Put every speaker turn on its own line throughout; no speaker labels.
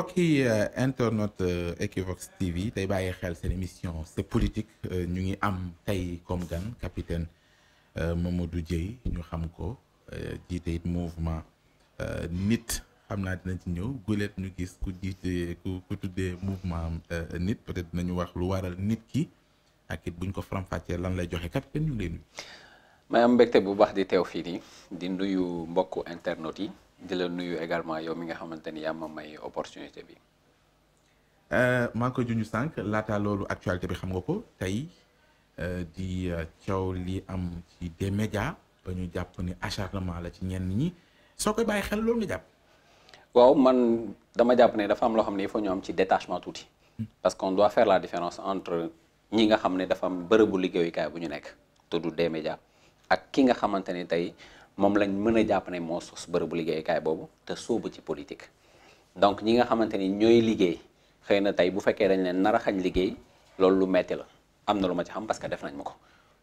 mbokk yi euh, internet euh, Equivox TV tey bàyyi xel seen émission c'est politique euh, ñu ngi am tey comme gan capitaine Mamadou Dieye ñu xam ko jiite it mouvement nit xam naa dina ci ñëw guleet ñu gis ku jiite ku ku tuddee mouvement nit peut-être dinañu wax lu waral nit ki ak it buñ ko faram-fàccee lan lay joxe capitaine ñu ngi lay
nuyu. mbégte bu baax di teew fii nii di nuyu mbokku internet yi. di la nuyu également yow mi nga xamante ni yaa ma may opportunité bi.
Euh, maa ngi koy junj sànq laata loolu actualité bi xam nga ko tey euh, di euh, coow li am ci des médias ba ñu jàpp ni acharnement la ci ñenn ñi soo koy bàyyi xel loolu nga jàpp. waaw man dama jàpp ne dafa am loo xam ne il faut ñu am
ci détachement tuuti. Hmm. parce qu'on doit faire la différence entre ñi nga xam ne dafa am bërëbu liggéeyukaay bu ñu nekk. te du des ak ki nga xamante ni tey. moom lañ mën a jàpp ne moo sos bërëbu liggéeykaay boobu te sóobu ci politique donc ñi nga xamante ni ñooy liggéey xëy na tey bu fekkee dañ leen nar a xañ liggéey loolu lu metti la am na lu ma ci xam parce que def nañ ma ko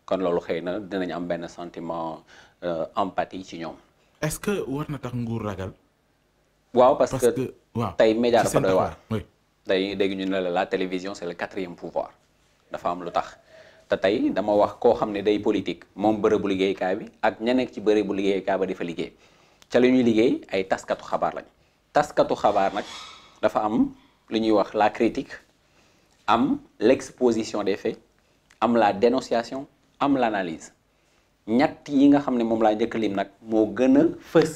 kon loolu xëy na dinañ am benn sentiment euh, empathie ci ñoom.
est-ce que war na tax nguur ragal.
waaw parce que
waaw tey média dafa doy waar.
day dégg ñu ne la la télévision c'est le quatrième pouvoir dafa am lu tax. te tey dama wax koo xam ne day politique moom bërëbu liggéeykaay bi ak ña nekk ci bërëbu liggéeykaay ba di fa liggéey ca la ñuy liggéey ay taskatu xabaar lañ taskatu xabaar nag dafa am lu ñuy wax la critique am l'exposition des fait am la dénonciation am l'analyse ñett yi nga xam ne moom laa njëkk lim nag moo gën a fës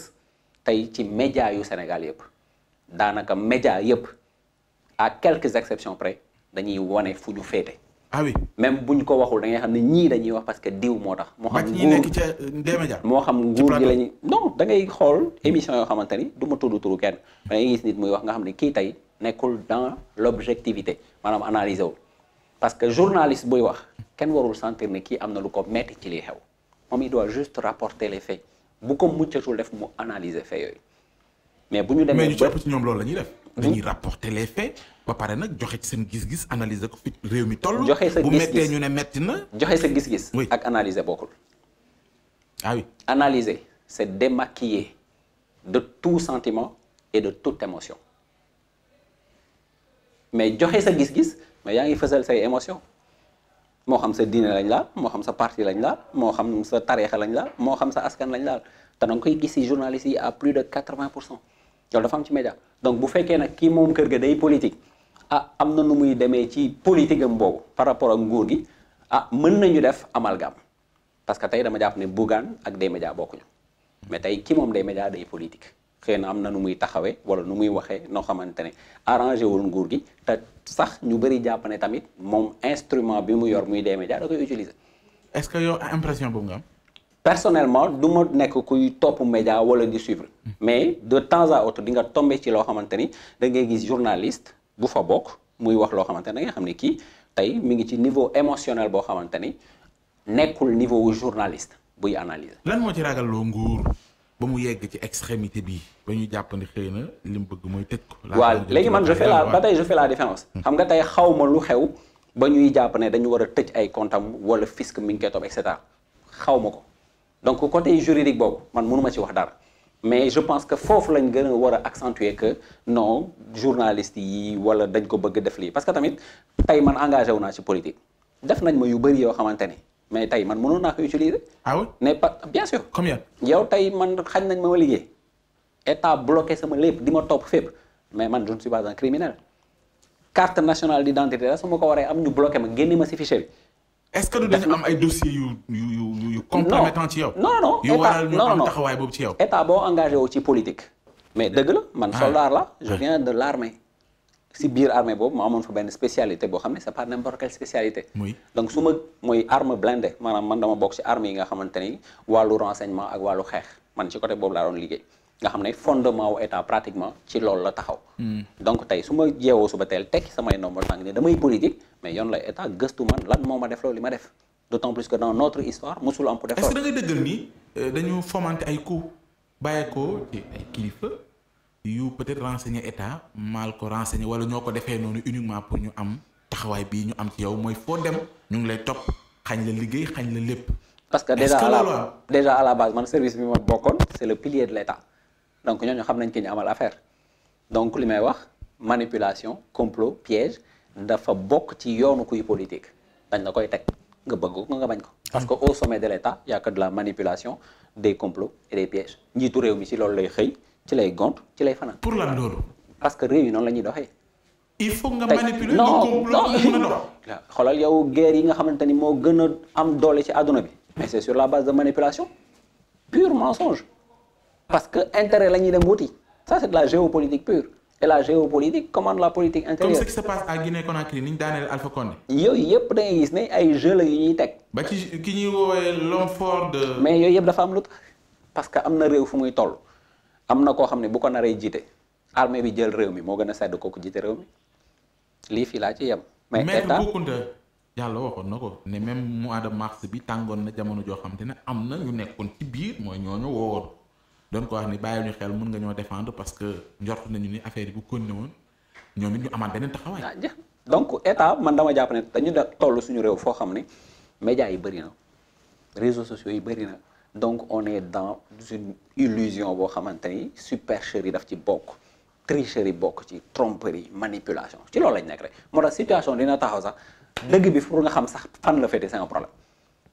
tey ci média yu Sénégal yëpp daanaka média yëpp ak quelques exceptions près dañuy wone fu ñu féete ah oui même buñ ko waxul da ngay xam ne ñii dañuy wax parce que diw moo tax. moo xam nguur
euh,
moo xam nguur gi lañuy non dangay xool émission yoo xamante ni du ma tudd turu kenn da nit muy wax nga xam ne kii tey nekkul dans l'objectivité maanaam analyser wul parce que journaliste buy wax kenn warul sentir ne kii am na lu ko metti ci liy xew moom il doit juste rapporter les faits bu ko muccatul def mu analyser faits yooyu
mais bu ñu demee mais ñu ci ëpp ci ñoom loolu la ñuy def. dañuy rapporter ba pare nag joxe ci seen gis-gis analyser ko fi réew mi toll. joxe sa gis ñu ne métti na. joxe sa gis-gis.
oui ak analyser bokkul. ah oui analyser c'est démaquiller de tout sentiment et de toute émotion mais joxe sa gis-gis mais yaa ngi fësal say émotion moo xam sa diine lañ laal moo xam sa parti lañ laal moo xam sa tariixa lañ laal moo xam sa askan lañ laal te da nga koy gis ci journalistes yi à plus de 80 pour cent loolu dafa am ci média donc bu fekkee nag kii moom kër ga day politique. ah am na nu muy demee ci politique am boobu par rapport ak nguur gi ah mën nañu def amalgame parce que tey dama jàpp ne Bougane ak D-Media ñu mais tey ki moom D-Media day politique xëy am na nu muy taxawee wala nu muy waxee noo xamante ne arrangé wul nguur gi te sax ñu bëri jàpp ne tamit moom instrument bi mu yor muy D-Media da koy utiliser.
est-ce que yow impression boobu nga am.
personnellement du ma nekk kuy topp média wala di suivre hmm. mais de temps à autre di nga tombé ci loo xamante ni da ngay gis journaliste bu fa bokk muy wax loo xamante ne da nga xam ne kii tey mi ngi ci niveau émotionnel boo xamante ni nekkul niveau journaliste buy analyser.
lan moo ci ragaloo nguur ba mu yegg ci extrémité bi ba ñu jàppandi xëy na li mu bëgg mooy tëj ko. waaw léegi man je fais la ba tey
je la différence. Hmm. xam nga tey xaw ma lu xew ba ñuy jàpp ne dañu war a tëj ay comptam wala fisc mi ngi koy topp et xaw ma ko donc côté juridique boobu man mënu ma ci wax dara. mais je pense que foofu lañ gën a war a accentuer que non journaliste yi wala dañ ko bëgg def lii parce que tamit tey man engagé wu naa ci politique def nañ ma yu bëri yoo xamante ni mais tey man mënoon naa ko utiliser. ah oui mais pas bien sûr. combien yow tey man xañ nañ ma ma liggéey état bloqué sama lépp di ma topp fépp mais man je ne suis pas un criminel carte nationale d'identité la su ma ko waree am ñu bloqué ma génne ma ci fichier
est-ce que du dañu am ay dossiers yu yu yu yu compromettant ci yow. non non yu waral ñu am taxawaay
boobu ci yow. état boo engagé woo ci politique. mais dëgg la man ah. soldat la je ah. viens de l'armée si biir armée boobu ma amoon fa benn spécialité boo xam ne c'est pas n'importe quelle spécialité. donc su ma mooy arme blindée maanaam man dama bokk ci armée yi nga xamante ni wàllu renseignement ak wàllu xeex man ci côté boobu laa doon liggéey. nga xam ne fondement wu état pratiquement ci loolu la taxaw. Hmm. donc tey su ma yeewoo suba teel tekki samay nombre tànk ne damay politique mais yoon la état gëstu man lan moo ma def loolu li ma def d' que dans notre histoire mosul am ku dëggal ni
euh, dañu fomante ay coup bàyyeekoo ci ay kilifa yu peut être renseigner état mal ko renseigner wala ñoo ko defee noonu uniquement pour ñu am taxawaay bii ñu am ci yow mooy foo dem ñu ngi lay topp xañ la liggéey xañ la lépp. parce que déjà à la
déjà man ser bi ma bokkoon c' est le donc ñooñu xam nañ ki ñu amal affaire donc li may wax manipulation complot piège dafa bokk ci yoonu kuy politique dañ la koy teg nga bëgg ko nga bañ ko. parce que au sommet de l' état y de la manipulation des complots et des pièges njiitu réew mi si loolu lay xëy ci lay gont ci lay fanaan. pour la loolu. parce que réew yi noonu la ñuy doxee.
il faut nga manipuler nga complot
xoolal yow guerre yi nga xamante ni moo gën a am doole ci àdduna bi. mais c' sur la base de manipulation pur parce que intérêt la ñuy dem wuti ça c'est de la géopolitique pure et la géopolitique commande la politique intérieure. comme ce qui se
passe à Guinée-Conakry ni ñu daaneel Alpha Condé.
yëpp da ngay gis ne ay jeu la yu ñuy teg. ba ci ki ñuy woowee l'homme mais yooyu yëpp dafa am lu parce que am na réew fu muy toll am na koo xam ne bu ko naree jiite armée bi jël réew mi moo gën a sedd kooku jiite réew mi lii fii laa ci yem. mais état maître Boucounta
yàlla waxoon na ko ne même mois de mars bi tàngoon na jamono joo xam te ne am na ñu nekkoon ci biir mooy ñooñu woowoon. donc ko wax ni bàyyil ñu xel mën nga ñoo défendre parce que njort nañu ni affaire yi bu continué woon ñoom it ñu amaat beneen taxawaay. Ah,
donc état man dama jàpp ne dañu da toll suñu réew foo xam ni médias yi bëri na réseaux sociaux yi bëri na donc on est dans une illusion boo xamante ni supercherie daf ci bokk tricherie bokk ci tromperie manipulation ci loolu lañ nekk rek moo tax situation dina taxaw sax dëgg bi pour nga xam sax fan la féete c'est un problème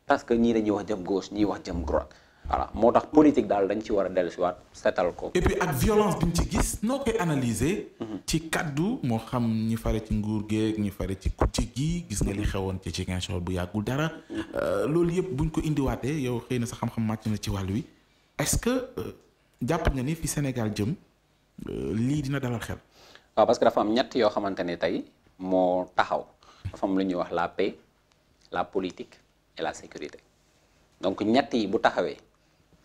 parce que ñii dañuy wax jëm gauche ñii wax jëm droite voilà moo tax politique daal dañ ci war a dellusiwaat setal ko. et puis ak violence bi
ñu ci gis noo koy analyser. Mhm. ci kàddu moo xam ñi fare ci nguur geeg ñi fare ci kujje gi gis nga li mhm. xewoon ci Ziguinchor bu yàggul dara. Mhm. Euh, loolu yëpp buñ ko indiwaatee yow xëy na sa xam-xam màcc na ci wàll wi est-ce que euh, jàpp nga ni fi Sénégal jëm euh, lii dina dalal xel.
waaw parce que dafa am ñett yoo xamante ne tey moo taxaw dafa am lu ñuy wax la paix la politique et la sécurité donc ñett yi bu taxawee.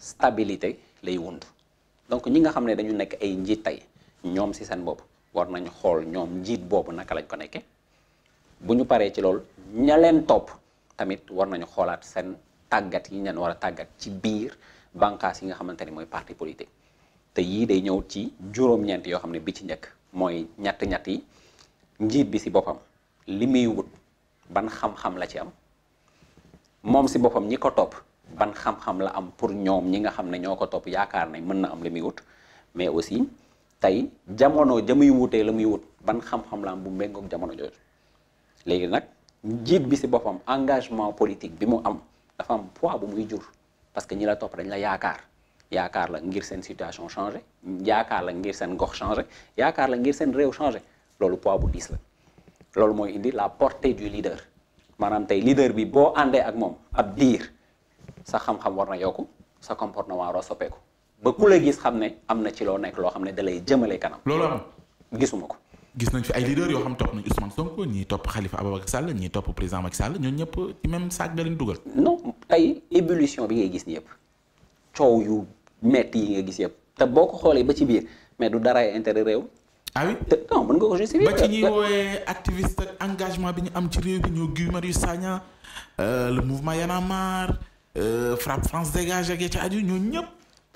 stabilité lay wund donc ñi nga xam ne dañu nekk ay njiit tey ñoom si seen bopp war nañu xool ñoom njiit boobu naka lañ ko nekkee bu ñu paree ci loolu ñaleen topp tamit war nañu xoolaat seen tàggat yi ñu leen war a tàggat ci biir bànqaas yi nga xamante ni mooy parti politique te yii day ñëw ci juróom-ñeent yoo xam ne bi ci njëkk mooy ñett-ñett yi njiit bi si boppam li muy wut ban xam-xam la ci am moom si boppam ñi ko topp ban xam-xam la am pour ñoom ñi nga xam ne ñoo ko topp yaakaar nañ mën na am li muy wut mais aussi tey jamono ja muy wutee la muy wut ban xam-xam la am bu méngoog jamono jooju léegi nag njiit bi si boppam engagement politique bi mu am dafa am poids bu muy jur parce que ñi la topp dañ la yaakaar yaakaar la ngir seen situation changé yaakaar la ngir seen gox changé yaakaar la ngir seen réew changé loolu poids bu diis la loolu mooy indi la portée du leader maanaam bi boo ak moom ab sa xam-xam war na yokku sa comportement war a soppeeku ba ku la gis xam ne am na ci loo nekk loo xam ne da lay jëmale kanam. loolu am gisuma ko.
gis nañ fi ay leaders yoo xam topp nañ Ousmane Sonko ñii topp Khalifa Ababacar Sall ñii topp président Macky Sall ñoo ñëpp ci même saak nga bi ngay gis yëpp coow yu metti yi nga gis yëpp
te boo ko xoolee ba ci biir mais du dara intérêt réew. ah oui nga ko justifier. ba ci ñuy
woowee activiste engagement bi ñu am ci réew bi ñoo Guy Marius Sagna euh, le mouvement Y en Euh, frappe France dégage ak ca aju ñooñu ñëpp.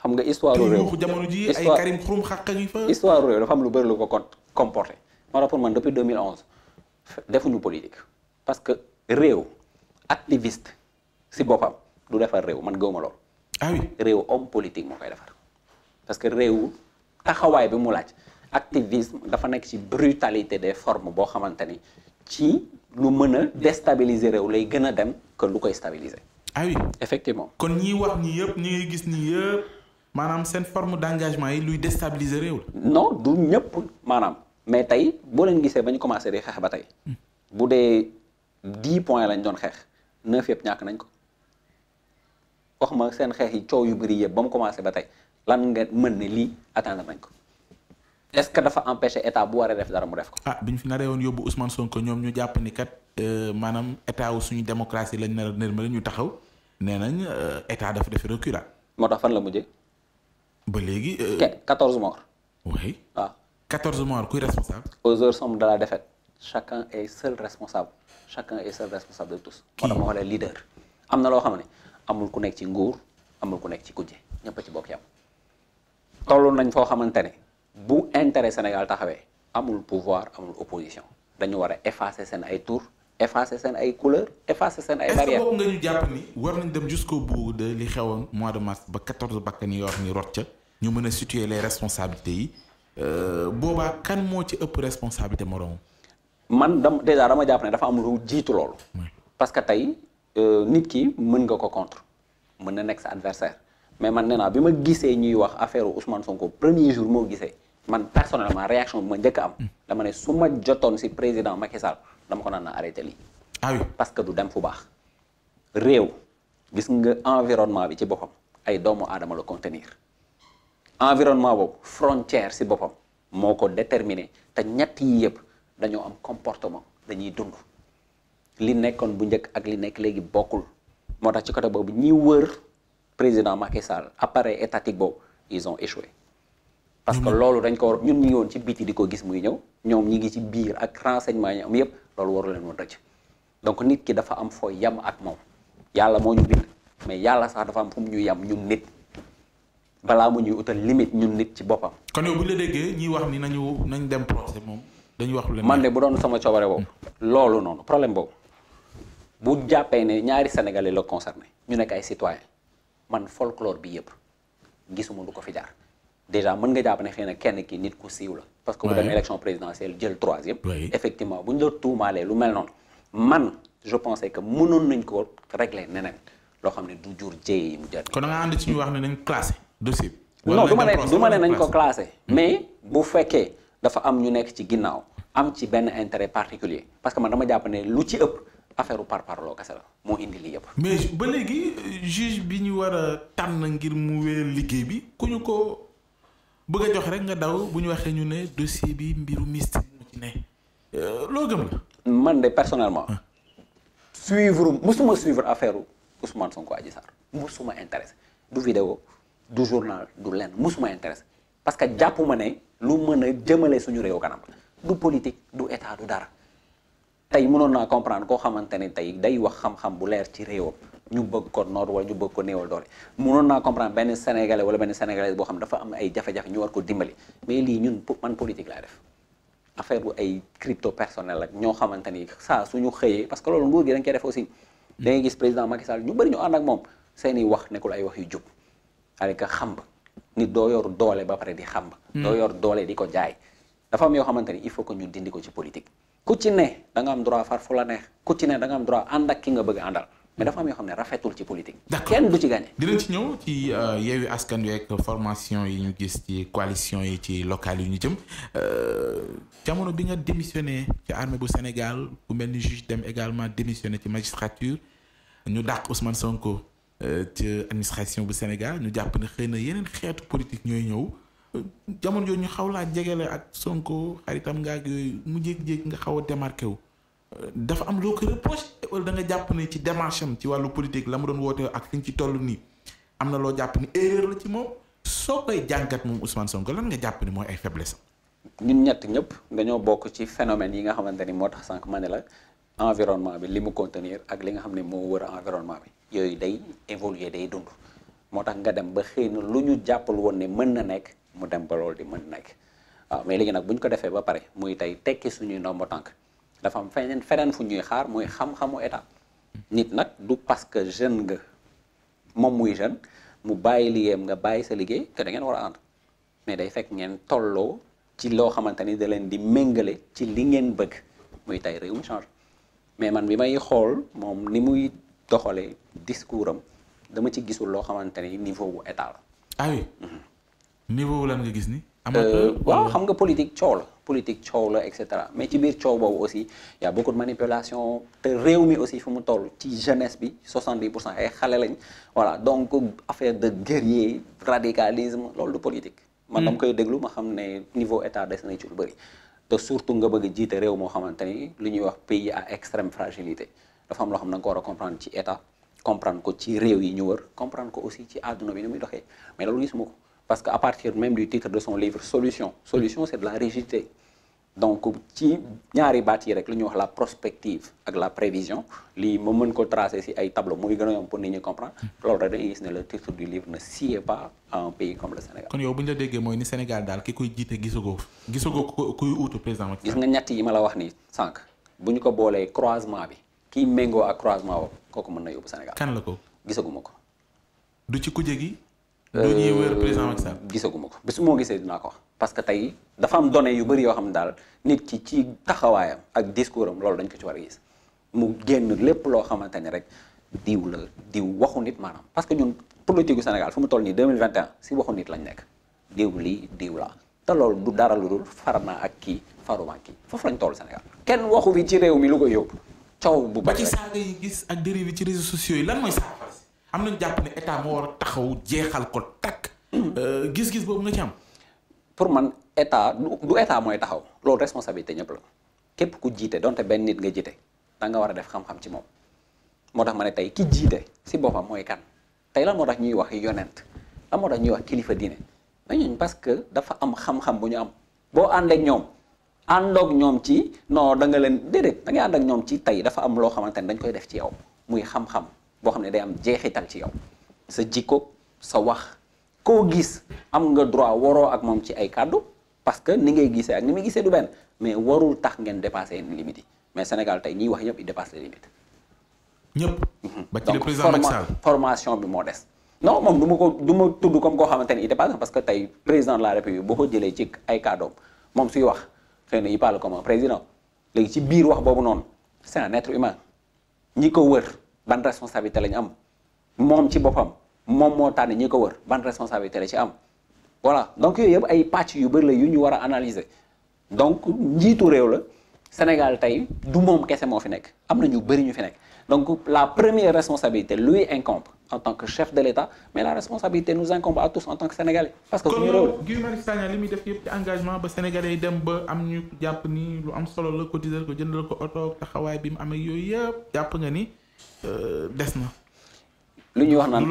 xam nga histoire réew jamono ji ay Xaq ngi fa.
histoire réew dafa am lu bëri lu ko comporté moo tax pour man depuis 2011 defuñu politique parce que réew activiste si boppam lu defar réew man gëwuma lool. Ah réew homme politique moo koy defar parce que réew taxawaay bi mu laaj activisme dafa nekk ci brutalité des forme boo xamante ni ci lu mën a déstabiliser réew lay gën a dem que lu koy stabilisé ah oui effectivement
kon ñiy wax ñii yëpp ñi gis nii yëpp maanaam seen forme d'engagement yi luy déstabiliser réew la. non du ñëpp maanaam mais tey boo leen gisee ba ñu
commencé di xeex ba tey bu dee dix points lañ doon xeex neuf yëpp ñàkk nañ ko wax ma seen xeex yi coow yu bari yëpp ba mu commencé ba tey lan nga mën ne lii atteindre nañ ko est-ce que dafa empêcher état bu waree def dara mu def ko.
ah bi ñu fi naree woon yóbbu Ousmane Sonko ñoom ñu jàpp ni kat euh, maanaam état suñu démocratie lañ nar a ñu taxaw. nee nañ euh, état dafa def reculat. moo tax fan la mujjee. ba léegi. Euh, quatorze morts. oui waaw. Ah. quatorze morts kuy responsable. aux heures sombres de la défaite.
chacun est seul responsable. chacun est seul responsable de tous. kii moo tax ma xoolee leader. am na loo xam ne amul ku nekk ci nguur amul ku nekk ci kujje ñëpp ci bokk yam tollu nañ foo xamante ne bu intérêt Sénégal taxawee amul pouvoir amul opposition dañu war a effacer seen ay tour effacer seen ay couleur effacer seen ay barrières. est boobu nga ñu jàpp
ni war nañ dem jusqu'au bout de li xewoon mois de mars ba quatorze bakkan yoo xam ni rot ca ñu mën a situer les responsabilités yi euh, boobaa kan moo ci ëpp responsabilité moroom. man dam déjà dama jàpp ne dafa am lu jiitu loolu. parce que tey euh, nit ki
mën nga ko contre mën na nekk sa adversaire mais man nee naa bi ma gisee ñuy wax affaire Ousmane Sonko premier jour moo gisee man personnellement réaction bi ma njëkk am. Mm. dama ne su ma jotoon si président Macky dama ko naan na arrêté lii. ah parce que du dem fu baax. réew gis nga environnement bi ci boppam ay doomu aadama la contenir environnement boobu frontière si boppam moo ko déterminé te ñett yi yëpp dañoo am comportement dañuy dund li nekkoon bu njëkk ak li nekk léegi bokkul moo tax ci côté boobu ñiy wër président Macky Sall appareil étatique boobu ils ont parce que mmh. loolu dañ ko war ñun ñu ngi woon ci biti di ko gis muy ñëw ñoom ñi ngi ci biir ak renseignement yi am yëpp loolu waru leen woon rëcc donc nit ki dafa am foo yam ak moom yàlla moo ñu bind mais yàlla sax dafa am fu mu ñu yam ñun nit balaa mu ñuy utal limite ñun nit ci boppam.
kon yow bu ñu la déggee ñiy wax ni nañu nañ dem procès moom dañuy wax lu leen man de bu
doon sama coobare boobu. Mmh. loolu noonu problème boobu bu jàppee ne ñaari sénégalais la concerné ñu nekk ay citoyen man folklore bi yëpp gisuma ko fi jaar. déjà mën nga jàpp ne xëy na kenn ki nit ku siiw la parce que bu demee élection présidentielle jël troisième effectivement bu ñu la tuumaalee lu mel noonu man je pensais que mënoon nañ ko régler neneen loo xam ne du jur jéye yi mu jar
kon da ci ñu wax ne nañ classé dossier du ma du ma nañ ko classé
mm-hmm. mais bu fekkee dafa am ñu nekk ci ginnaaw am ci benn intérêt particulier parce que man dama jàpp ne lu ci ëpp affaire par parloo kese la moo indi lii yëpp.
mais ba léegi juge bi ñu war a tànn ngir mu wéer liggéey bi ko bëgg a jox rek nga daw bu ñu waxee ñu ne dossier bi mbiru mystique mu ci ne
euh, loo gëm la. man de personnellement. suivre musuma suivre affaire Ousmane Sonko Adji Sarr suma intéressé du vidéo du journal du lenn musuma intéressé parce que jàpp ma ne lu mën a jëmale suñu réew kanam du politique du état du dara. tey mënoon naa comprendre koo xamante ne tey day wax xam-xam bu leer ci réewam ñu bëgg ko noot wala ñu bëgg ko néewal doole mënoon naa comprendre benn sénégalais wala benn sénégalais boo xam dafa am ay jafe-jafe ñu ko dimbali mais lii ñun man politique laa def affaire ay crypto personnel ak ñoo xamante ni saa suñu xëyee parce que loolu nguur gi dañ koy def aussi da ngay gis ñu bëri ñu ànd ak moom seeni wax nekkul ay wax yu jub alika xamb nit doo yor doole ba pare di xamb hmm. doo yor doole di ko jaay dafa yoo xamante ni il faut que ñu dindi ko ci politique ku ci ne da nga am droit far fu la neex ku ci droit ànd ak ki nga bëgg àndal mais dafa am yoo xam ne rafetul ci politique. d'accord kenn du ci gagné.
dinañ ci ñëw ci euh, Askan Wi ak yi ñu gis ci coalition yi ci locale yi ñu jëm euh, jamono bi nga démissionné ci armée bu Sénégal ku mel ni juge dem également démissionné ci magistrature ñu dàq Ousmane Sonko euh, ci administration bu Sénégal ñu jàpp ne xëy na yeneen xeetu politique ñooy ñëw. jamono jooju ñu xaw laa jege la ak Sonko xaritam nga ak yooyu mu jékki-jékki nga xaw a démarqué wu dafa am loo ko reproché wala da jàpp ne ci démarche ci wàllu politique la ma doon woote ak fi ñu ci toll nii am na loo jàpp ni erreur la ci moom soo koy moom Ousmane Sonko lan nga jàpp ni mooy ay faiblesse ñun ñett ñëpp dañoo bokk ci phénomène yi nga
xamante ni moo tax sànq ma ne la environnement bi li mu contenir ak li nga xam ne moo wër environnement bi yooyu day évoluer day dund moo tax nga dem ba xëy na lu ñu jàppal woon ne mën na nekk mu dem ba loolu di mën nag waaw mais léegi nag bu ñu ko defee ba pare muy tey tekki suñuy ndombo tànk dafa am feneen feneen fu ñuy xaar muy xam-xamu état nit nag du parce que jeune nga moom muy jeune mu bàyyi liggéeyam nga bàyyi sa liggéey que da ngeen war a ànd mais day fekk ngeen tolloo ci loo xamante ni da leen di méngale ci li ngeen bëgg muy tey réew mi change mais man bi may xool moom ni muy doxalee discours am dama ci gisul loo xamante ni niveau bu état
niveau lan nga gis ni. Euh, amateur waaw xam nga
politique coow la politique coow la et cetera mais ci biir coow boobu aussi y a beaucoup de manipulation te réew mi aussi fu mu toll ci jeunesse bi 70 pour cent ay xale lañ voilà donc affaire de guerrier radicalisme loolu du politique. man dama hmm. koy déglu ma xam ne niveau état des nañ ci lu bëri. te surtout nga bëgg jiite réew moo xamante ni lu ñuy wax pays à extrême fragilité dafa am loo xam ne nga ko war a comprendre ci état comprendre ko ci réew yi ñu wër comprendre ko aussi ci àdduna bi ni muy doxee mais loolu gisuma ko. parce que à partir même du titre de son livre solution solution c'est la rigidité donc ci ñaari baat yi rek lu ñuy wax la prospective ak la prévision lii ma mën ko tracer si ay tableau muy gën a yomb pour nit ñi comprendre loolu rek dañuy ne le pas à un pays comme le Sénégal
kon yow bu ñu la déggee mooy ni Sénégal daal ki koy jiite gisagoo gisagoo kuy uutu président Macky Sall gis nga ñett yi ma la
wax nii sànq bu ñu ko boolee croisement bi kii méngoo ak croisement boobu kooku mën na yóbbu Sénégal kan la ko gisaguma ko
Euh, doo ñuy
gisaguma ko su moo gisee dinaa ko wax parce que tey dafa am données yu bëri yoo xam ne daal nit ki ci taxawaayam ak discours am loolu dañ ko ci war a gis mu génn lépp loo xamante ni rek diw la diw waxu nit maanaam parce que ñun politique gu Sénégal fu mu toll nii 2021 si waxu nit lañ nekk diw diw laa te loolu dara lu dul far ak kii faruma ak kii foofu lañ toll Sénégal kenn waxu fi ci réew mi lu koy yóbbu coow bu gis
ak dérive yi ci réseaux sociaux yi lan mooy saaga am nañu jàpp ne état moo war a
taxaw jeexal
ko takk. Euh, gis-gis boobu nga ci
am. pour man état du état mooy taxaw loolu responsabilité ñëpp la képp ku jiite donte benn nit nga jiite da nga war a def xam-xam ci moom moo tax ma ne tey ki jiite si boppam mooy kan tey lan moo tax ñuy wax yonent lan moo tax ñuy wax kilifa diine mais ñun parce que dafa am xam-xam bu ñu am boo àndeek ñoom. àndoog ñoom ci non da nga leen déedéet da ngay ànd ak ñoom ci tey dafa am loo xamante ne dañ koy def ci yow muy xam boo xam ne day am jeexital ci yow sa jikko sa wax koo gis am nga droit waroo ak moom ci ay kàddu parce que ni ngay gisee ak ni muy gisee du benn mais warul tax ngeen dépasser yenn mais Sénégal tey ñiy wax ñëpp ils mhm.
ñëpp. ba ci le
formation bi moo des. non moom du ma ko du ma tudd comme koo xamante ni il dépasse parce que tey président de la république boo ko jëlee ci ay kàddoom moom suy wax xëy na il parle comme un président léegi ci biir wax boobu noonu c'est un être ñi ko wër. ban responsabilité lañu am moom ci boppam moom moo tax tànn ñu ko wër ban responsabilité la ci am voilà donc yooyu yëpp ay pàcc yu bëri la yu ñu war a analyser donc njiitu réew la Sénégal tey du moom kese moo fi nekk am na ñu bëri ñu fi nekk donc la première responsabilité lui incompe en tant que chef de l'État mais la responsabilité nous incombe à tous en tant que Sénégalais. parce que suñu réew la
Guy Marius li muy def yëpp ci engagement ba Sénégalais yi dem am ñu jàpp ni lu am solo la cotiser ko jëndal ko oto taxawaay bi mu amee yooyu yëpp jàpp nga ni. Euh, des na. lu ñuy wax naan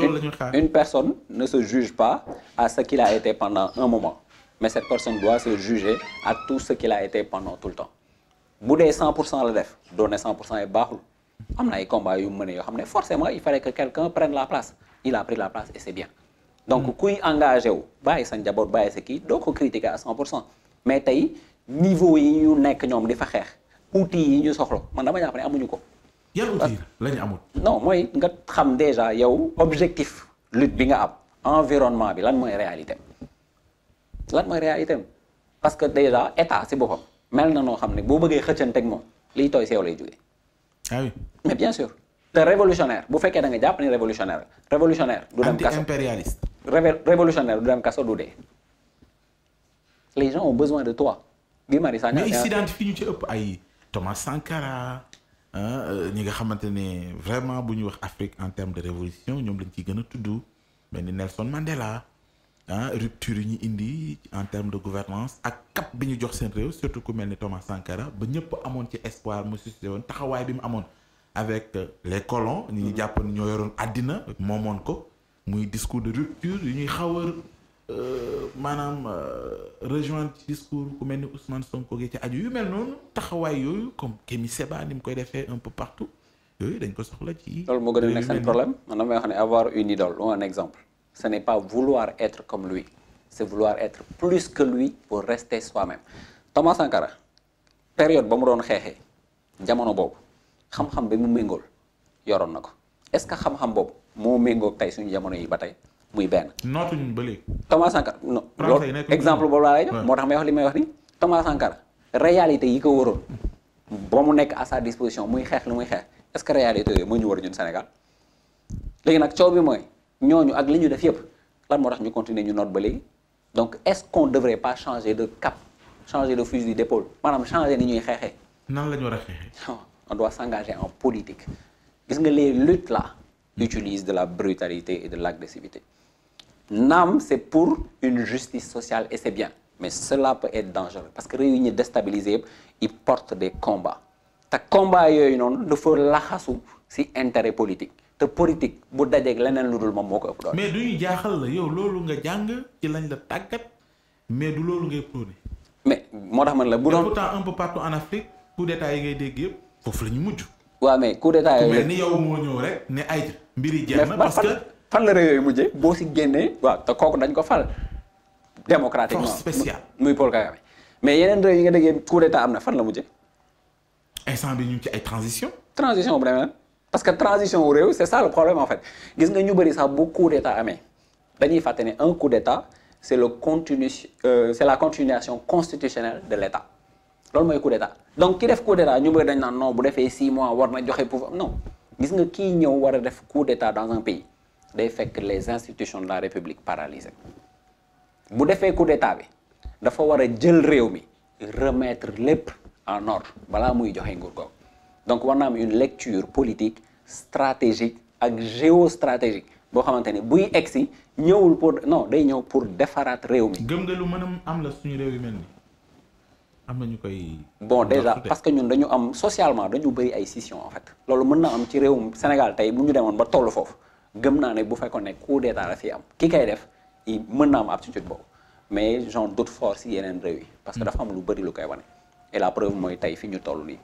une
personne ne se juge pas à ce qu'il a été pendant un moment mais cette personne doit se juger à tout ce qu'il a été pendant tout le temps bu dee 100 pour cent la def doon ne 100 pour cent yi baaxul am na ay combats yu mu mën yoo xam ne forcément il fallait que quelqu'un prenne la place il a pris la place et c'est bien donc hmm. kuy engagé wu bàyyi sa njaboot bàyyi sa kii doo ko critiquer à 100 pour cent mais tey niveau yi ñu nekk ñoom di fa xeex outils yi ñu soxla man dama jàpp ne amuñu ko. yan outil la ñu amul. non mooy nga xam déjà yow objectif lut bi nga am environnement bi lan mooy réalité lan mooy réalité parce que déjà état si boppam mel na noo xam ne boo bëggee xëccanteeg moom liy tooy seew lay jógee. ah oui mais bien sûr. te révolutionnaire bu fekkee da nga jàpp ni révolutionnaire révolutionnaire du dem kaso anti-impérialiste. révolutionnaire du dem kaso du dee. les gens ont besoin de toi. Guy Marius Sagna mais ils s'identifient
ñu ci ëpp ay Thomas Sankara. Euh, euh, ñi nga xamante ne vraiment bu ñu wax Afrique en terme de révolution ñoom lañ ciy gën a tudd mel ni Nelson Mandela ah rupture yi ñu indi en terme de gouvernance ak cap bi ñu jox seen réew surtout ku mel ni Thomas Sankara ba ñëpp amoon ci espoir mu suscité woon taxawaay bi mu amoon avec euh, les colons ñi ñu mm. jàppoon ñoo yoroon àddina moomoon ko muy discours de rupture yu ñuy xaw Euh, maanaam euh, rejoindre ci discours ku mel ni Ousmane Sonko gi ci aju yu mel noonu taxawaay yooyu comme Kémi Seba ni mu koy defee un peu partout yooyu dañ ko soxla ci. loolu moo gën a nekk seen problème
man damay wax ne avoir une idole ou un exemple ce n'est pas vouloir être comme lui c'est vouloir être plus que lui pour rester soi-même Thomas Sankara période ba mu doon xeexee jamono boobu xam-xam bi mu méngool yoroon na ko est-ce que xam-xam boobu moo méngoog tey suñu jamono yi ba tey. muy benn.
nootuñu ba léegi.
Thomas Sankara non loolu exemple boobu laa lay jox moo tax may wax li may wax ni Thomas Sankara réalité yi ko waroon ba mu nekk à sa disposition muy xeex li mooy xeex est-ce que réalité yooyu moo ñu war ñun Sénégal léegi nag coow bi mooy ñooñu ak li ñu def yëpp lan moo tax ñu continuer ñu noot ba léegi donc es ce qu'on devrait pas changer de cap changer de fusil d'épaule maanaam changer ni ñuy xeexee. nan la ñu war a xeexee. on doit s'engager en politique gis nga les la là utilisent de la brutalité et de l'agressivité naam c'est pour une justice sociale et c'est bien mais cela peut être dangereux parce que réew yi ñu déstabiliser yëpp ils portent des combats te combat yooyu noonu foo laxasu ci intérêt politique te politique bu dajeeg leneen lu dul moom moo ko ëpp doole mais
du ñu jaaxal la yow loolu nga jàng ci lañ la tàggat mais du loolu ngay prôné mais moo tax man la bu doon pourtant un peu partout en Afrique coup d'état yi ngay dégg yëpp foofu la ñu mujj waaw mais coup d'état yooyu ni yow moo ñëw
fan la réew yooyu mujjee boo si génnee waa te kooku dañ ko fal démocratiquement force spéciale muy Paul Kagame mais yeneen réew yi nga déggee coup d'état am na fan la mujjee.
instant bi ñu ci ay transition
transition bu demee parce que transition wu réew c'est ça le problème en fait gis nga ñu bëri sax bu coup d'état amee dañuy fàtte ne un coup d'état c'est le continu euh, la continuation constitutionnelle de l'état loolu mooy coup d'état donc ki def coup d'état ñu bëri dañ naan bu defee six mois war na joxe pouvoir non gis nga kii ñëw war a def coup d'état dans day fekk les institutions de la république paralysées bu defee coup d'état bi dafa war a jël réew mi remettre lépp en ordre balaa muy joxe nguur googu donc war na am une lecture politique stratégique ak géostratégique boo xamante ne buy egg si ñëwul pour non day ñëw pour defaraat réew mi.
gëm nga lu mën a am la suñu réew yu mel nii am na ñu bon déjà parce que
ñun dañu am socialement dañu bëri ay scission en fait loolu mën na am ci réewum Sénégal tey bu ñu demoon ba tollu foofu. gëm naa ne bu fekkoon ne coup d'état la fi am ki koy def mën naa am aptitude boobu mais genre d'autres forces si yeneen réew yi. parce que hmm. dafa am lu bëri lu koy wane. la preuve mooy tey fi ñu toll nii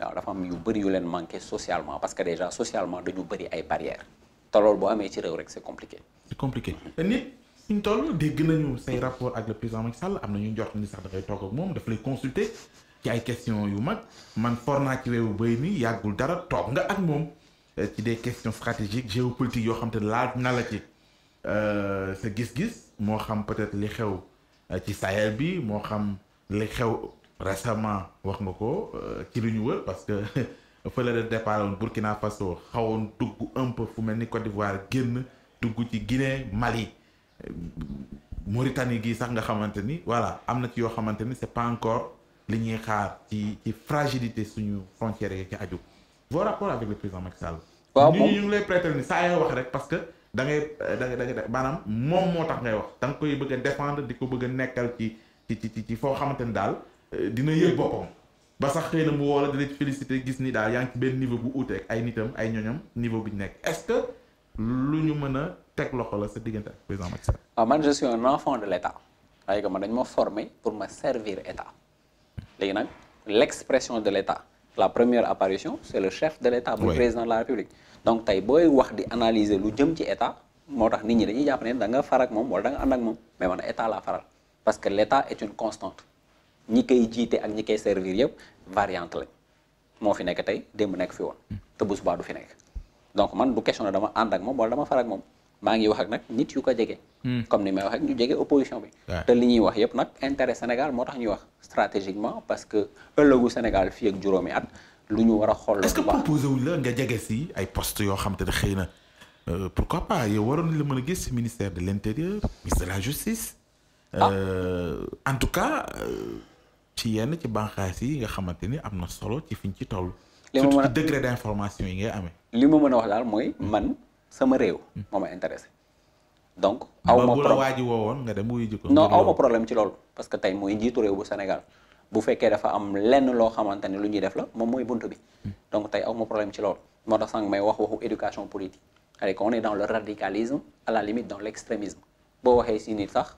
waaw dafa am yu bëri yu leen manqué socialement parce que déjà socialement dañu bëri ay barrières te boo amee ci réew rek c'est compliqué.
c'est compliqué hmm. nit fi ñu toll dégg nañu say rapport ak le président Macky am na ñu jox ni sax dafay toog ak moom daf lay consulter ci ay question yu mag man for naa ci réew bëy nii yàggul dara toog nga ak moom. Euh, ci des questions stratégiques géopolitiques yoo xam te laaj na la ci euh, sa gis-gis moo xam peut-être li xew euh, ci Sahel bi moo xam li xew récemment wax nga ko ci lu ñu wër parce que fële la départ woon Burkina Faso xawoon dugg un fu mel ni Côte d'Ivoire génn dugg ci Guinée Mali Mauritanie gi sax nga xamante ni voilà am na ci yoo xamante ni c'est pas encore li ñuy xaar ci ci fragilité suñu frontières yi ci aju vos rapports avec le président Macky Sall. waaw ñu lay prêter ni saa yoo wax rek parce que da ngay da ngay maanaam moom moo tax ngay wax da nga koy bëgg a défendre di ko bëgg nekkal ci ci ci ci foo xamante ni daal euh, dina yëg boppam. ba sax xëy na mu woo la di la gis ni daal yaa ngi ci benn niveau bu uute ay nitam ay ñoñam niveau bu ñu nekk est-ce que lu ñu mën a teg loxo la sa diggante ak président Macky
ah, man je suis un enfant de l'État. waaye que man dañ ma former pour ma servir État léegi nag l'expression de l'État. la première apparition c'est le chef de l'État bu président de la République donc tey booy wax di analyser lu jëm ci état moo tax nit ñi dañuy jàpp ne da nga far ak moom wala da nga ànd ak moom mais man état laa faral parce que l'état est une constante ñi koy jiite ak ñi koy servir yëpp variante lañ moo fi nekk tey démb nekk fi woon te bu du fi nekk donc man du question ne dama ànd ak moom wala dama far ak moom maa ngi wax ak nag nit yu ko jege. Hmm. comme ni may wax ak ñu jege opposition bi. te li ñuy wax yëpp nag intérêt Sénégal moo tax ñu wax stratégiquement parce que ëllëgu Sénégal fii ak
juróomi at lu ñu war a xool. est-ce que proposé la nga jege si ay postes yoo xam ne xëy na euh, pourquoi pas yow waroon la mën a gis ministère de l'intérieur ministère de la justice. Ah. Euh, en tout cas euh, ci yenn ci bànqaas yi nga xamante ni am na solo ci fiñ ci toll. li ma mën a surtout degré d'information yi ngay amee.
li ma mën a wax daal mooy hmm. man. sama réew moo ma intéressé donc aw ma problème waa
ji woowoon nga dem wuyu
problème ci loolu parce que tey mooy njiitu réew bu Sénégal bu fekkee dafa am lenn loo xamante ne lu ñuy def la moom mooy bunt bi hmm. donc tey aw ma problème ci loolu moo tax sànq may wax waxu éducation politique c'est-à-dire qu'on est dans le radicalisme à la limite dans l'extrémisme boo waxee si nit sax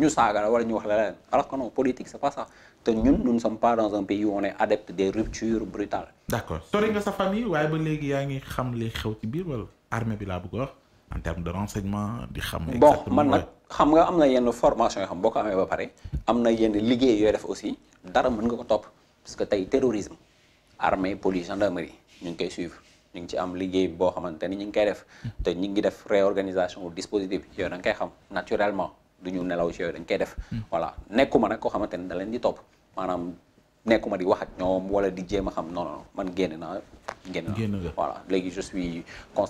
ñu saaga la wala ñu wax la leneen alors que non politique c'est pas ça te ñun nous ne sommes pas dans un pays où on est adepte des ruptures brutales.
d'accord sori nga sa famille waaye ba léegi yaa ngi xam li xew ci biir wala armée bi laa bëgg wax en termes de renseignement di xam. exactement man nag
xam nga am na yenn formation yoo xam boo ko amee ba pare am na yenn liggéey yooyu def aussi dara mën nga ko topp parce que tey terrorisme armée police gendarmerie ñu ngi koy suivre. ñu ngi ci am liggéey boo xamante ni ñu ngi koy def te ñu ngi def réorganisation dispositif yooyu da nga xam naturellement du ñu nelaw ci yooyu dañ koy def mm. voilà nekkuma nag koo xamante ni da leen di topp maanaam nekkuma di wax ak wala di jéem a xam man génn naa génn naa voilà léegi je suis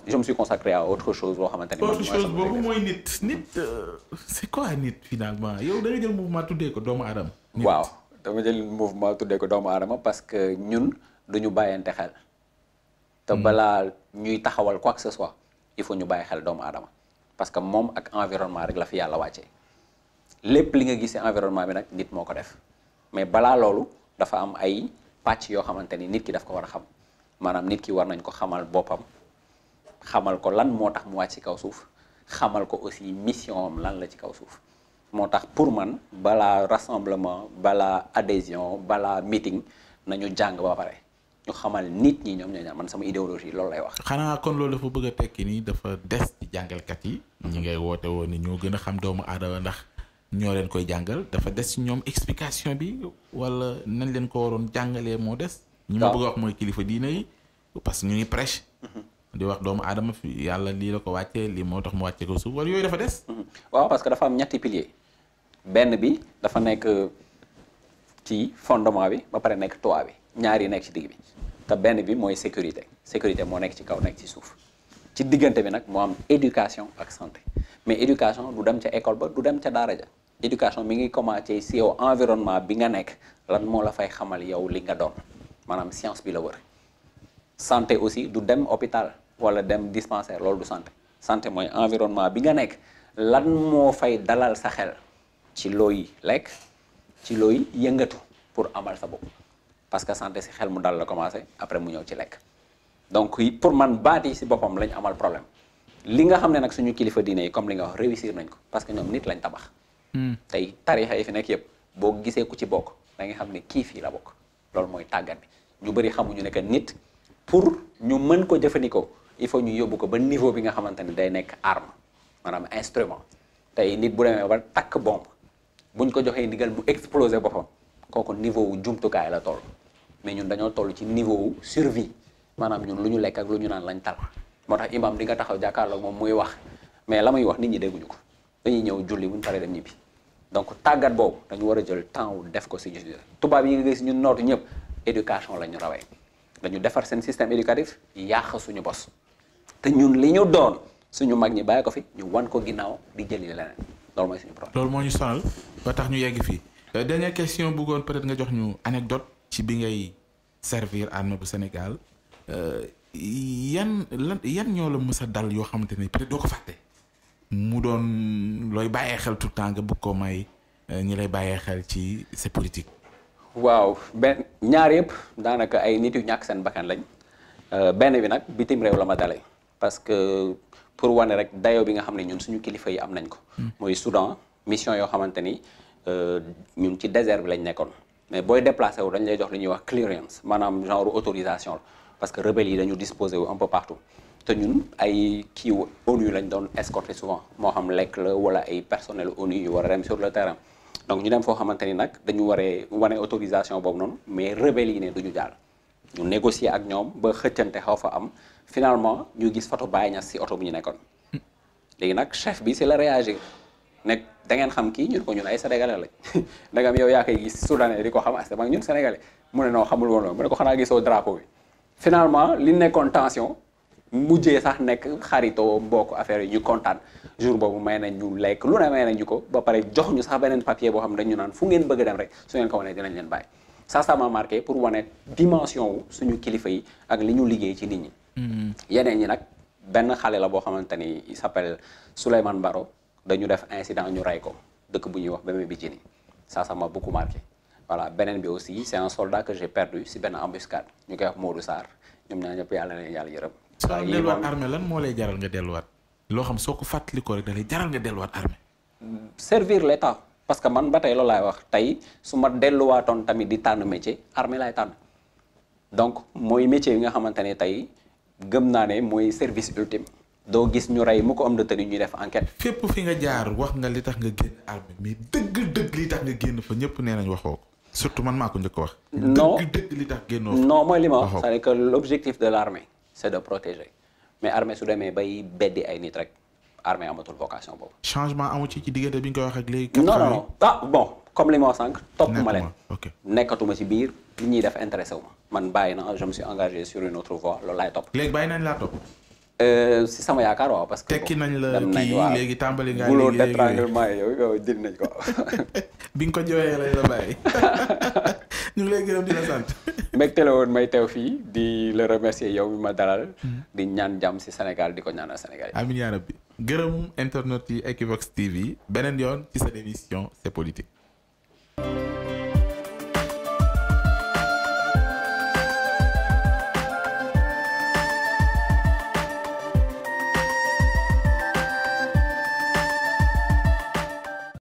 je me suis consacré à autre xamante ni autre chose boobu
mooy nit nit euh, c'est quoi nit finalement yow jël mouvement tuddee ko doomu aadama
waaw dama jël mouvement tuddee ko doomu aadama parce que ñun duñu bàyyante xel te hmm. balaa ñuy taxawal quoi que ce soit il faut ñu bàyyi xel doomu aadama parce que moom ak environnement rek la fi yàlla wàcce lépp li nga gis ci environnement bi nag nit moo ko def mais balaa loolu dafa am ay pàcc yoo xamante ni nit ki daf ko war a xam maanaam nit ki war nañ ko xamal boppam xamal ko lan moo tax mu wàcc ci kaw suuf xamal ko aussi mission am lan la ci kaw suuf moo tax pour man balaa rassemblement balaa adhésion balaa meeting nañu jàng ba pare ñu xamal nit ñi ñoom ñooy ñaan man sama idéologie loolu lay wax.
xanaa kon loolu dafa bëgg a tekki ni dafa des ci jàngalkat yi. Mhm. ñu ngay woote woon ni ñoo gën a xam doomu aadama ndax ñoo leen koy jàngal dafa des ci ñoom explication bi wala nañ leen ko waroon jàngalee moo des. ñu ma bëgg a wax mooy kilifa diina yi parce que ñu ngi prêche. Mhm. di wax doomu adama fi yàlla lii la ko wàccee lii moo tax mu wàccee ko suuf
wala yooyu dafa des. Mhm. waaw parce que dafa am ñetti pilier benn bi dafa nekk ci fondement bi ba pare nekk toit bi. ñaar yi nekk ci digg bi te benn bi mooy sécurité sécurité moo nekk ci kaw nekk ci suuf ci diggante bi nag moo am éducation ak santé mais éducation du dem ca école ba du dem ca daara ja éducation mi ngi commencé si yow bi nga nekk lan moo la fay xamal yow li nga doon maanaam science bi la wër santé aussi du dem hôpital wala dem dispensaire loolu du santé santé mooy environnement bi nga nekk lan moo fay dalal sa xel ci looy lekk ci looy yëngatu pour amal sa bopp parce que santé si xel mu dal la commencé après mu ñëw ci lekk donc pour man baat yi si boppam lañu amal problème li nga xam ne nag suñu kilifa diine yi comme li nga wax réussir nañ ko parce que ñoom nit lañ tabax. Hmm. tey tarixa yi fi nekk yëpp boo gisee ku ci bokk da nga xam ne kii fii la bokk loolu mooy tàggat bi ñu bëri xamuñu nekk nit pour ñu mën ko jëfandikoo il faut ñu yóbbu ko ba niveau bi nga xamante ne day nekk arme maanaam instrument tey nit bu demee ba takk bombe buñ ko joxee ndigal mu exploser boppam kooku niveau wu jumtukaay la tool mais ñun dañoo toll ci niveau wu survie maanaam ñun lu ñu lekk ak lu ñu naan lañ tal moo tax imam di taxaw jàkkaarloog moom muy wax mais la muy wax nit ñi dégguñu ko dañuy ñëw julli bu ñu paree dem ñibbi donc tàggat boobu dañu war a jël temps wu def ko si jus tubaab yi nga gis ñun nootu ñëpp éducation la ñu rawee dañu defar seen système éducatif yàq suñu bos te ñun li ñu doon suñu mag ñi bàyyi ko fi ñu wan ko ginnaaw di jëli leneen loolu mooy suñu problème.
loolu moo ñu sonal ba tax ñu yegg fii euh, dernière question bëggoon peut-être nga jox ñu anecdote ci bi ngay servir armée bu Sénégal euh, yan lan yan ñoo la mës a dal yoo xamante ne peut doo ko fàtte mu doon looy bàyyee xel tout le temps nga bëgg ko may euh, ñi lay bàyyee xel ci sa politique.
waaw benn ñaar yëpp daanaka ay nit yu ñàkk seen bakkan lañ euh, benn bi nag bitim réew la ma dalee parce que pour wane rek dayo bi nga xam ne ñun suñu kilifa yi am nañ ko. mooy hmm. Soudan mission yoo xamante ni ñun ci désert bi lañ nekkoon. mais booy déplacé wu dañ lay jox li ñuy wax clearance maanaam genre autorisation la parce que rebelles yi dañu disposé wu un peu partout te ñun ay kii ONU lañ doon escorté souvent moo xam lekk la wala ay personnel ONU yu wara a dem sur le terrain donc ñu dem foo xamante ni nag dañu waree wane autorisation boobu noonu mais rebelles yi ne duñu jàll ñu négocier ak ñoom ba xëccante xaw fa am finalement ñu gis photo Baye Niass si oto bu ñu nekkoon hmm. léegi nag chef nekk da ngeen xam kii ñun ko ñun ay sénégalais lañ ndegam yow yaa koy gis soudanais di ko xam ah, askan ñun sénégalais mu ne noo xamul woon loolu mu ne ko xanaa gisoo drapeau bi. finalement li nekkoon tension mujjee sax nekk xaritoo mbokk affaire yi ñu kontaan jour boobu may nañ ñu lekk lu ne may ñu ko ba pare jox ñu sax beneen papier boo xam ne dañu naan fu ngeen bëgg dem rek su ngeen ko wanee dinañ leen bàyyi. ça ça m'a marqué pour wane dimension wu suñu kilifa yi ak li ñu liggéey ci nit ñi. Mm-hmm. yeneen ñi nag benn xale la boo xamante ni il s'appelle Souleymane Baro. dañu def incident ñu rey ko dëkk bu ñuy wax Bébé bi ça saa sama beaucoup marqué voilà beneen bi aussi c'est un soldat que j'ai perdu si benn embuscade ñu koy wax Modou Sarr ñoom ñaar ñëpp yàlla na yàlla yërëm. waaw delluwaat armée
lan moo lay jaral nga delluwaat. loo xam soo ko fàttali ko rek da lay jaral nga delluwaat armée. servir l'État parce que
man ba tey loolu laay wax tey su ma delluwaatoon tamit di tànn métier armée laay tànn donc mooy métier yi nga xamante ne tey gëm naa ne mooy service ultime. doo gis ñu rey mu ko am de tenue ñuy def enquête. fépp
fi nga jaar wax nga li tax nga génn armée mais dëgg-dëgg li tax nga génn fa ñëpp nee nañ waxoo ko surtout man maa ko njëkk wax. non
li tax génnoo fa non mooy li ma wax c'est-à-dire que l'objectif de l'armée c'est de protéger mais armée su demee bay beddi ay nit rek armée amatul vocation boobu.
changement amu ci ci diggante bi nga koy wax ak léegi. non
ah, li ma wax sànq. topp ma leen nekkatuma ci biir li ñuy def intéressé wu man bàyyi na je me suis engagé sur une autre voie loolu laay topp. léegi bàyyi nañ laa topp. si sama yaakaar waaw parce que. tekki nañ la kii léegi tàmbali ngaa léegi léegi d'étranglement
yow jël nañ ko. bi nga ko jooyee lañ la bàyyi ñu lay gërëm di la sant. mbégte la
may teew fii di la remercier yow mi ma dalal. di ñaan jàmm si Sénégal di ko ñaanal Sénégal yi.
amiin yaa bi gërëm internet yi Equivox TV beneen yoon ci sa émission c'est politique.